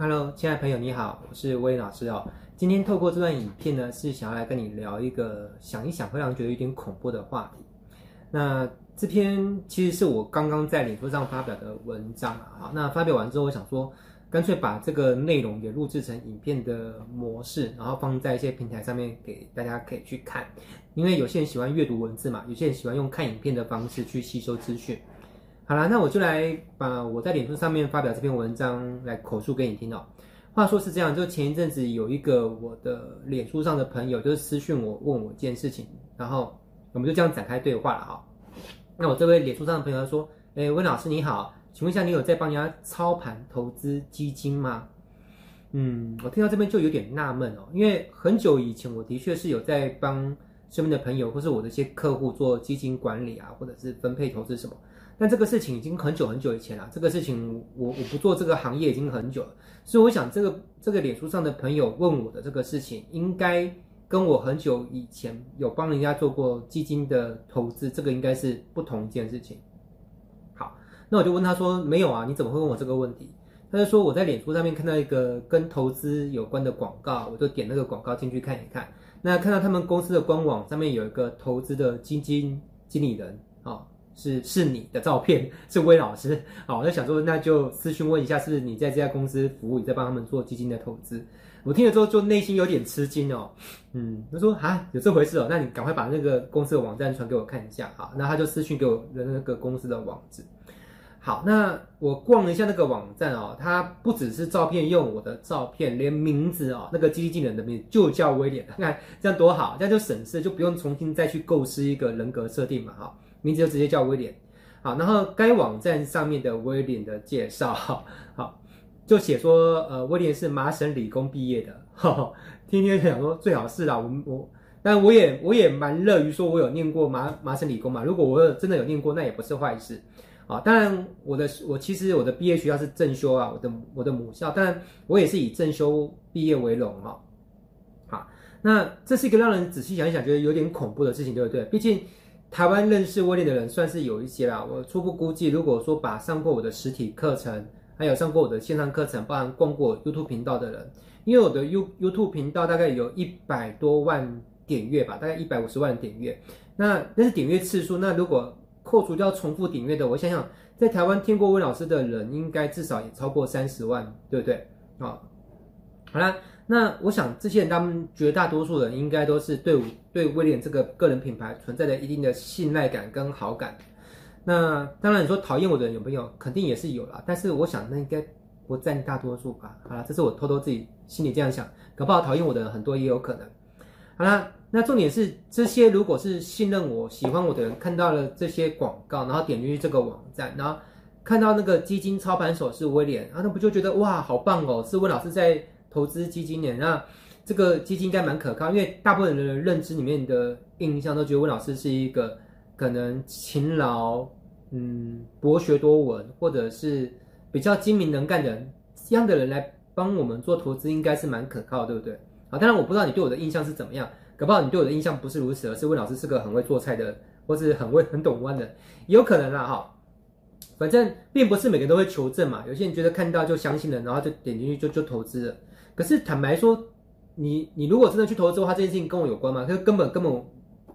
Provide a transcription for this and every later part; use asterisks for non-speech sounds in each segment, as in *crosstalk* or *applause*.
Hello，親愛的朋友，你好，我是威廉老師哦。今天透過這段影片呢，是想要來跟你聊一個想一想會讓人覺得有點恐怖的話題。那這篇其實是我剛剛在臉書上發表的文章啊。好，那發表完之後，我想說，乾脆把這個內容也錄制成影片的模式，然後放在一些平台上面給大家可以去看。因為有些人喜歡閱讀文字嘛，有些人喜歡用看影片的方式去吸收資訊。好啦，那我就來把我在臉書上面發表這篇文章來口述給你聽哦。話說是這樣，就前一陣子有一個我的臉書上的朋友就是私訊我，問我一件事情，然後我們就這樣展開對話了哈、哦。那我這位臉書上的朋友說：“哎，威老師你好，請問一下，你有在幫人家操盤投資基金嗎？”嗯，我聽到這邊就有點納悶哦，因為很久以前我的確是有在幫身邊的朋友或是我的一些客戶做基金管理啊，或者是分配投資什麼。但這個事情已經很久很久以前了。這個事情我，我我不做這個行業已經很久了，所以我想這個這個臉書上的朋友問我的這個事情，應該跟我很久以前有幫人家做過基金的投資，這個應該是不同一件事情。好，那我就問他說：“沒有啊，你怎麼會問我這個問題？”他就說：“我在臉書上面看到一個跟投資有關的廣告，我就點那個廣告進去看一看。那看到他們公司的官網上面有一個投資的基金經理人啊。哦。”是是你的照片，是威老師，好，我就想說那就私訊問一下，是你在這家公司服務，你在幫他們做基金的投資？我聽了之後就內心有點吃驚哦，嗯，我說啊有這回事哦，那你趕快把那個公司的網站傳給我看一下，好，那他就私訊給我的那個公司的網址，好，那我逛了一下那個網站哦，他不只是照片用我的照片，連名字哦，那個基金經理的名字就叫威廉，你看這樣多好，這樣就省事，就不用重新再去構思一個人格設定嘛，哈。名字就直接叫威廉，好，然後該網站上面的威廉的介紹，好，就寫說，呃，威廉是麻省理工畢業的，哈，天天想說最好是啦，我我，但我也我也蠻樂於說，我有念過麻麻省理工嘛，如果我真的有念過，那也不是壞事，啊，當然我的我其實我的畢業學校是正修啊，我的我的母校，但我也是以正修畢業為榮啊，好，那這是一個讓人仔細想一想，覺得有點恐怖的事情，對不對？畢竟。台灣認識威廉的人算是有一些啦。我初步估計，如果說把上過我的實體課程，還有上過我的線上課程，包含逛過 YouTube 頻道的人，因為我的 You YouTube 頻道大概有一百多萬點閱吧，大概一百五十萬點閱。那那是點閱次數。那如果扣除掉重複點閱的，我想想，在台灣聽過威老師的人，應該至少也超過三十萬，對不對？好，好啦那我想，這些人他們絕大多數人應該都是對我對威廉這個個人品牌存在着一定的信賴感跟好感。那當然，你說討厭我的人有沒有？肯定也是有啦。但是我想那應該不占大多數吧。好了，這是我偷偷自己心裡這樣想，搞不好討厭我的人很多也有可能。好了，那重點是這些，如果是信任我喜歡我的人看到了這些廣告，然後點進去這個網站，然後看到那個基金操盤手是威廉，啊，那不就覺得哇，好棒哦，是威廉老師在。投資基金呢，那這個基金應該蠻可靠，因為大部分人的認知裡面的印象都覺得溫老師是一個可能勤勞、嗯，博學多聞，或者是比較精明能幹的人這樣的人來幫我們做投資，應該是蠻可靠，對不對？啊，當然我不知道你對我的印象是怎麼樣，搞不好你對我的印象不是如此，而是溫老師是個很會做菜的，或是很會很懂彎的，有可能啦哈。反正並不是每個人都會求證嘛，有些人覺得看到就相信了，然後就點進去就就投資了。可是坦白說，你你如果真的去投資的話，之後，他這件事情跟我有關嗎？就根本根本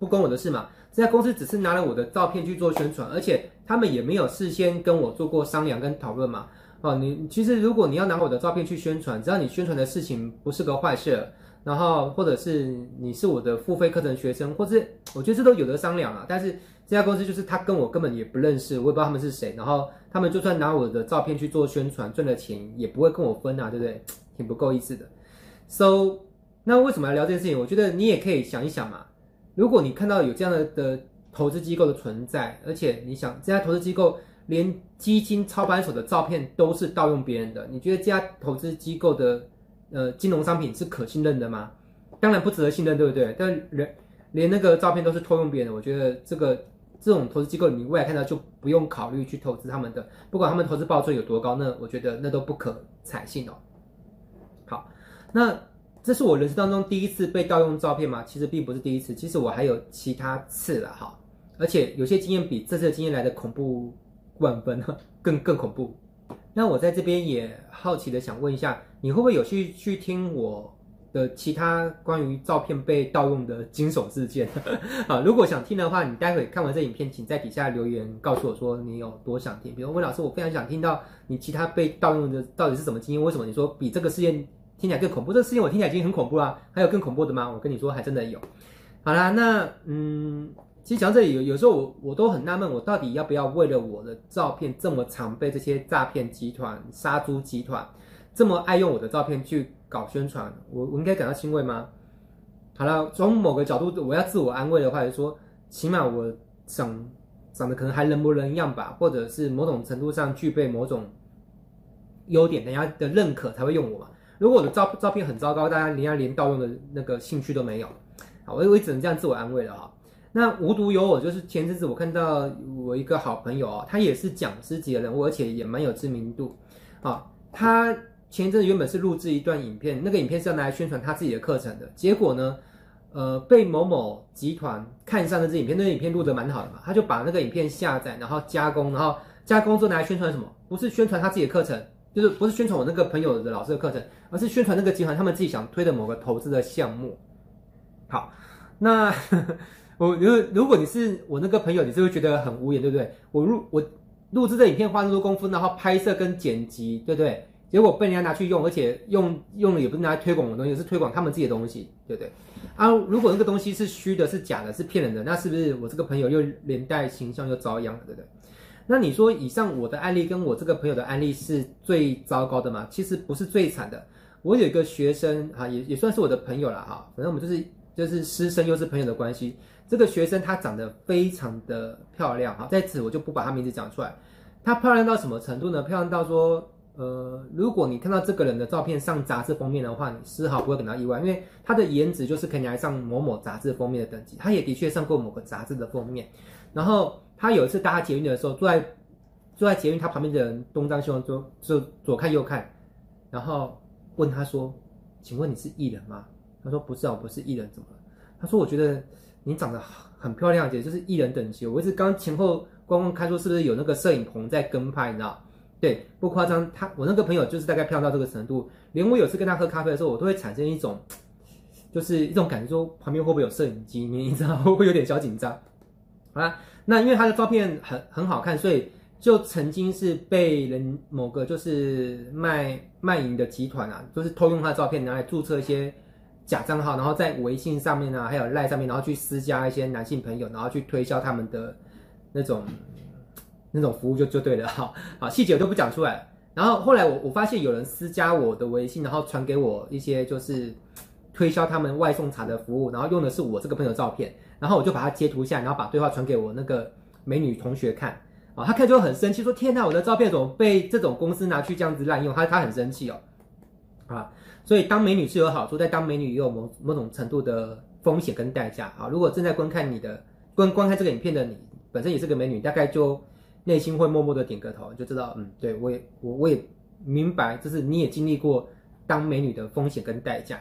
不關我的事嘛。這家公司只是拿了我的照片去做宣傳，而且他們也沒有事先跟我做過商量跟討論嘛。哦，你其實如果你要拿我的照片去宣傳，只要你宣傳的事情不是個壞事。然後，或者是你是我的付費課程學生，或者我覺得這都有得商量啊。但是這家公司就是他跟我根本也不認識，我也不知道他們是誰。然後他們就算拿我的照片去做宣傳，賺了錢也不會跟我分啊，對不對？挺不夠意思的。So，那為什麼要聊這件事情？我覺得你也可以想一想嘛。如果你看到有這樣的的投資機構的存在，而且你想這家投資機構連基金操盤手的照片都是盜用別人的，你覺得這家投資機構的？呃，金融商品是可信任的嗎？當然不值得信任，對不對？但人連那個照片都是偷用別人的，我覺得這個這種投資機構，你未來看到就不用考慮去投資他們的，不管他們投資報酬有多高，那我覺得那都不可採信哦。好，那這是我人生當中第一次被盜用照片嗎？其實並不是第一次，其實我還有其他次了哈，而且有些經驗比這次的經驗來的恐怖萬分啊，更更恐怖。那我在這邊也好奇的想問一下。你會不會有興趣聽我的其他關於照片被盜用的驚悚事件？啊， *laughs* 如果想聽的話，你待會看完這影片，請在底下留言告訴我說你有多想聽。比如說，威老師，我非常想聽到你其他被盜用的到底是什麼經驗？為什麼你說比這個事件聽起來更恐怖？這個事件我聽起來已經很恐怖了，還有更恐怖的嗎？我跟你說，還真的有。好啦，那嗯，其實講到這裡，有有時候我我都很納悶，我到底要不要為了我的照片這麼常被這些詐騙集團、殺豬集團，這麼愛用我的照片去搞宣傳，我我應該感到欣慰嗎？好了，從某個角度，我要自我安慰的話，就說起碼我長長得可能還人模人樣吧，或者是某種程度上具備某種優點，人家的認可才會用我嘛。如果我的照照片很糟糕，大家人家連盜用的那個興趣都沒有，我只能這樣自我安慰了哈、哦。那無獨有偶，就是前陣子我看到我一個好朋友啊、哦，他也是講師級的人物，我而且也蠻有知名度啊、哦，他。前一陣子原本是錄製一段影片，那個影片是要拿來宣傳他自己的課程的。結果呢，呃，被某某集團看上那支影片，那個影片錄得蠻好的嘛，他就把那個影片下載，然後加工，然後加工之後拿來宣傳什麼？不是宣傳他自己的課程，就是不是宣傳我那個朋友的老師的課程，而是宣傳那個集團他們自己想推的某個投資的項目。好，那呵呵，我如如果你是我那個朋友，你是不是覺得很無言，對不對？我錄我錄製這影片花那麼多功夫，然後拍攝跟剪輯，對不對？結果被人家拿去用，而且用用了，也不是拿來推廣我的東西，是推廣他們自己的東西，對不對？啊，如果那個東西是虛的、是假的、是騙人的，那是不是我這個朋友又連帶形象又遭殃了，對不對？那你說，以上我的案例跟我這個朋友的案例是最糟糕的嗎？其實不是最慘的。我有一個學生啊，也也算是我的朋友了哈，反正我們就是就是師生又是朋友的關係。這個學生她長得非常的漂亮哈，在此我就不把她名字講出來。她漂亮到什麼程度呢？漂亮到說，呃，如果你看到這個人的照片上雜誌封面的話，你絲毫不會感到意外，因為他的顏值就是可以來上某某雜誌封面的等級。他也的確上過某個雜誌的封面。然後他有一次搭捷運的時候，坐在坐在捷運他旁邊的人東張西望，就就左看右看，然後問他說：“請問你是藝人嗎？”他說：“不是啊，我不是藝人，怎麼了？”他說：“我覺得你長得很漂亮，也就是藝人等級。”我一直剛前後觀望看說是不是有那個攝影棚在跟拍，你知道？對，不誇張，他我那個朋友，就是大概漂到這個程度，連我有次跟他喝咖啡的時候，我都會產生一種，就是一種感覺，說旁邊會不會有攝影機？你知道會不會有點小緊張，好啦，那因為他的照片很很好看，所以就曾經是被人某個就是賣賣淫的集團啊，就是偷用他的照片拿來注冊一些假賬號，然後在微信上面啊，還有 LINE 上面，然後去私加一些男性朋友，然後去推銷他們的那種。那種服務就就對了哈，好，細節我就不講出來。然後後來我我發現有人私加我的微信，然後傳給我一些就是推銷他們外送茶的服務，然後用的是我這個朋友照片，然後我就把它截圖下，然後把對話傳給我那個美女同學看，啊、哦，她看之後很生氣，說天哪，我的照片怎麼被這種公司拿去這樣子濫用？她她很生氣哦，啊，所以當美女是有好處，但當美女也有某某種程度的風險跟代價。啊、哦，如果正在觀看你的觀觀看這個影片的你，本身也是個美女，大概就。內心會默默的點個頭，就知道，嗯，對，我也，我我也明白，就是你也經歷過當美女的風險跟代價。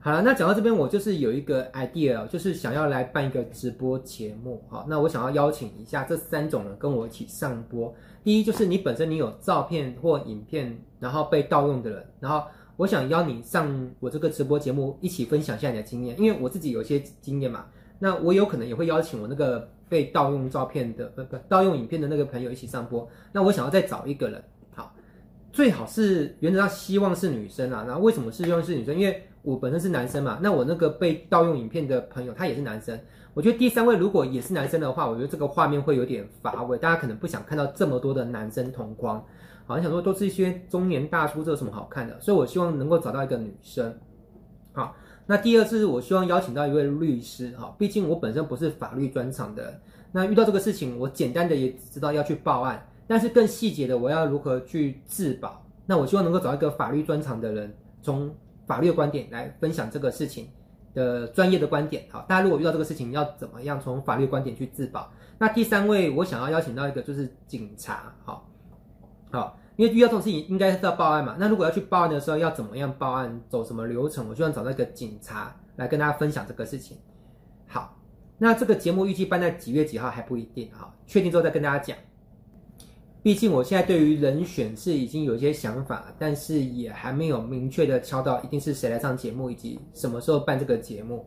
好了，那講到這邊，我就是有一個 idea，就是想要來辦一個直播節目。好，那我想要邀請以下這三種人跟我一起上播。第一就是你本身你有照片或影片，然後被盜用的人，然後我想邀你上我這個直播節目，一起分享一下你的經驗，因為我自己有一些經驗嘛。那我有可能也會邀請我那個。被盜用照片的不，不盜用影片，的那個朋友一起上播。那我想要再找一個人，好，最好是原則上希望是女生啊，那為什麼是希望是女生？因為我本身是男生嘛，那我那個被盜用影片的朋友他也是男生，我覺得第三位如果也是男生的話，我覺得這個畫面會有點乏味，大家可能不想看到這麼多的男生同框，好像想說都是一些中年大叔，這有什麼好看的？所以我希望能夠找到一個女生。那第二次，我希望邀請到一位律師哈，畢竟我本身不是法律專長的。那遇到這個事情，我簡單的也只知道要去報案，但是更細節的，我要如何去自保？那我希望能夠找一個法律專長的人，從法律觀點來分享這個事情的專業的觀點哈。大家如果遇到這個事情，要怎麼樣從法律觀點去自保？那第三位，我想要邀請到一個就是警察哈，好好因為遇到這種事情，應該是要報案嘛。那如果要去報案的時候，要怎麼樣報案，走什麼流程？我就想找那個警察來跟大家分享這個事情。好，那這個節目預計辦在幾月幾號還不一定啊，確定之後再跟大家講。畢竟我現在對於人選是已經有一些想法，但是也還沒有明確的敲到一定是誰來上節目，以及什麼時候辦這個節目。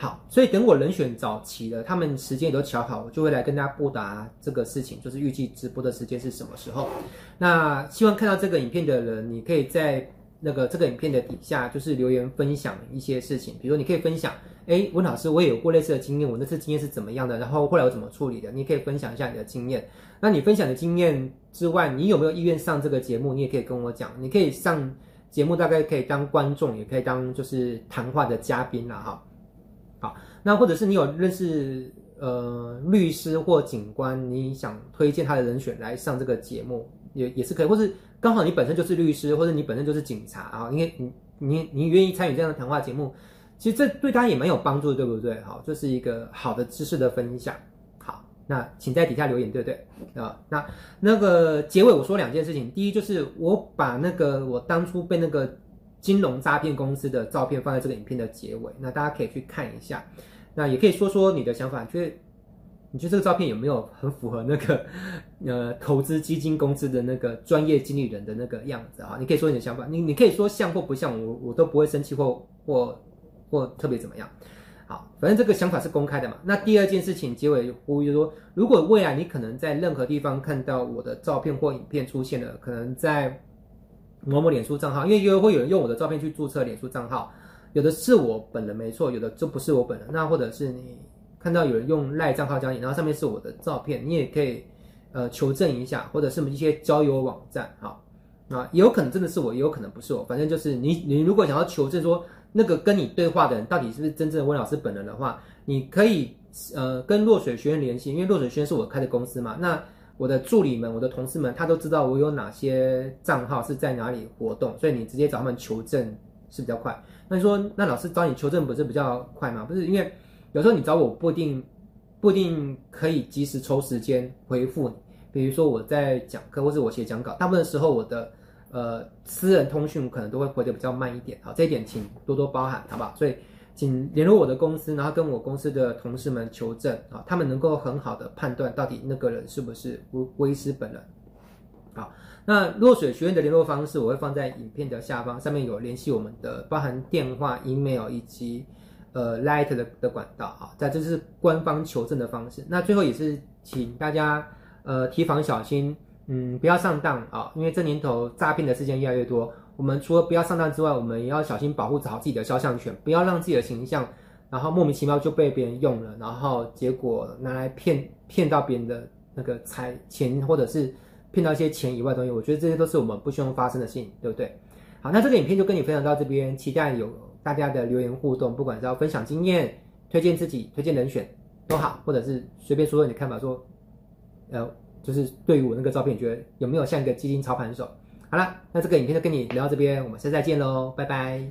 好，所以等我人選找齊了，他們時間也都巧好，我就會來跟大家布達這個事情，就是預計直播的時間是什麼時候。那希望看到這個影片的人，你可以在那個這個影片的底下，就是留言分享一些事情，比如說你可以分享，誒、欸，溫老師，我也有過類似的經驗，我那次經驗是怎麼樣的，然後後來我怎麼處理的，你可以分享一下你的經驗。那你分享的經驗之外，你有沒有意願上這個節目？你也可以跟我講，你可以上節目，大概可以當觀眾，也可以當就是談話的嘉賓了哈。好，那或者是你有認識呃律師或警官，你想推薦他的人選來上這個節目，也也是可以，或是剛好你本身就是律師，或者你本身就是警察啊，因為你你你願意參與這樣的談話節目，其實這對大家也蠻有幫助的，對不對？好，這、就是一個好的知識的分享。好，那請在底下留言，對不對？啊，那那個結尾我說兩件事情，第一就是我把那個我當初被那個。金融詐騙公司的照片放在這個影片的結尾，那大家可以去看一下。那也可以說說你的想法，就是你覺得這個照片有沒有很符合那個呃投資基金公司的那個專業經理人的那個樣子啊？你可以說你的想法，你你可以說像或不像，我我都不會生氣或或或特別怎麼樣。好，反正這個想法是公開的嘛。那第二件事情，結尾呼籲說，如果未來你可能在任何地方看到我的照片或影片出現了，可能在。某某臉書賬號，因為因會有人用我的照片去注冊臉書賬號，有的是我本人沒錯，有的就不是我本人。那或者是你看到有人用賴賬號加你，然後上面是我的照片，你也可以呃求證一下，或者是一些交友網站啊，那有可能真的是我，也有可能不是我。反正就是你，你如果想要求證說那個跟你對話的人到底是不是真正的威老師本人的話，你可以呃跟若水學院聯繫，因為若水學院是我開的公司嘛，那。我的助理們，我的同事們，他都知道我有哪些賬號是在哪裡活動，所以你直接找他們求證是比較快。那你說，那老師找你求證不是比較快嗎？不是，因為有時候你找我不一定，不一定可以及時抽時間回復你。比如說我在講課或是我寫講稿，大部分時候我的呃私人通訊可能都會回得比較慢一點。好，這一點請多多包涵，好不好？所以。請聯絡我的公司，然後跟我公司的同事們求證啊、哦，他們能夠很好的判斷到底那個人是不是威威師本人。好，那若水學院的聯絡方式我會放在影片的下方，上面有聯繫我們的包含電話、email 以及呃 LINE 的的管道啊。在、哦、這是官方求證的方式。那最後也是請大家呃提防小心，嗯，不要上當啊、哦，因為這年頭詐騙的事件越來越多。我們除了不要上當之外，我們也要小心保護好自己的肖像權，不要讓自己的形象，然後莫名其妙就被別人用了，然後結果拿來騙騙到別人的那個財錢，或者是騙到一些錢以外的東西。我覺得這些都是我們不希望發生的事情，對不對？好，那這個影片就跟你分享到這邊，期待有大家的留言互動，不管是要分享經驗、推薦自己、推薦人選都好，或者是隨便說說你的看法說，說呃，就是對於我那個照片，覺得有沒有像一個基金操盤手？好啦，那這個影片就跟你聊到這邊，我們下次再見嘍，拜拜。